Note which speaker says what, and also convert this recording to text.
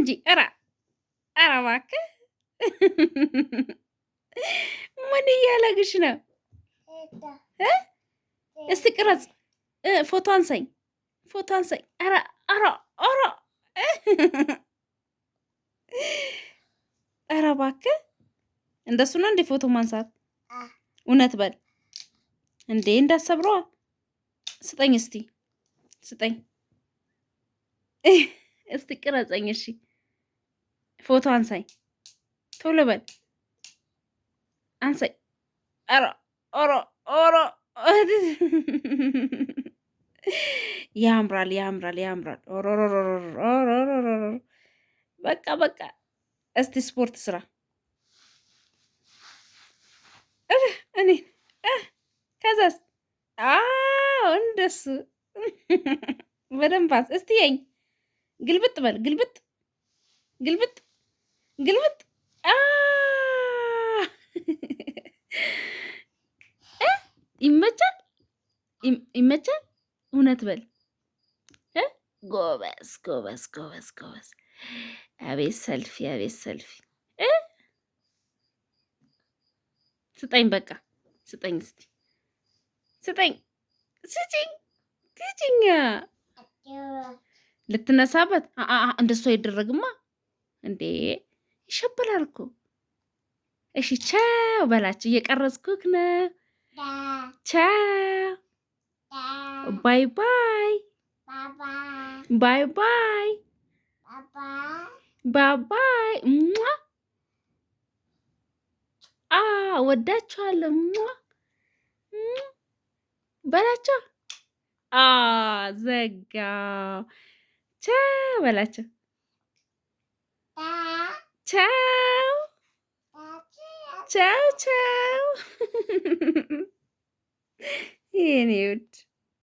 Speaker 1: እንጂ ኧረ ኧረ እባክህ ምን እያለግሽ ነው? እስቲ ቅረጽ፣ ፎቶ አንሳኝ፣ ፎቶ አንሳኝ። ኧረ ኧረ ኧረ ኧረ እባክህ እንደሱ ነው እንዴ ፎቶ ማንሳት? እውነት በል እንዴ እንዳሰብረዋ። ስጠኝ እስቲ ስጠኝ፣ እስቲ ቅረጸኝ እሺ ፎቶ አንሳይ፣ ቶሎ በል አንሳይ። ኧረ ኧረ ኧረ ያምራል ያምራል ያምራል። በቃ በቃ እስቲ ስፖርት ስራ። እኔ ከዛስ እንደሱ በደንብ እስቲ የኝ ግልብጥ በል ግልብጥ ግልብጥ ግልብጥ ይመቻል ይመቻል። እውነት በል ጎበዝ ጎበዝ ጎበዝ ጎበዝ። አቤት ሰልፊ አቤት ሰልፊ። ስጠኝ በቃ ስጠኝ፣ እስኪ ስጠኝ፣ ስጭኝ፣ ስጭኝ። ልትነሳበት እንደሱ አይደረግማ እንዴ! ይሸበላል እኮ። እሺ ቻው በላችሁ። እየቀረጽኩክ ነው። ቻው፣ ባይ ባይ፣ ባይ ባይ፣ ባባይ። ሟ ወዳችኋለሁ። ሟ በላቸው። አ ዘጋ። ቻው በላቸው። Ciao. Ciao, ciao. Iyi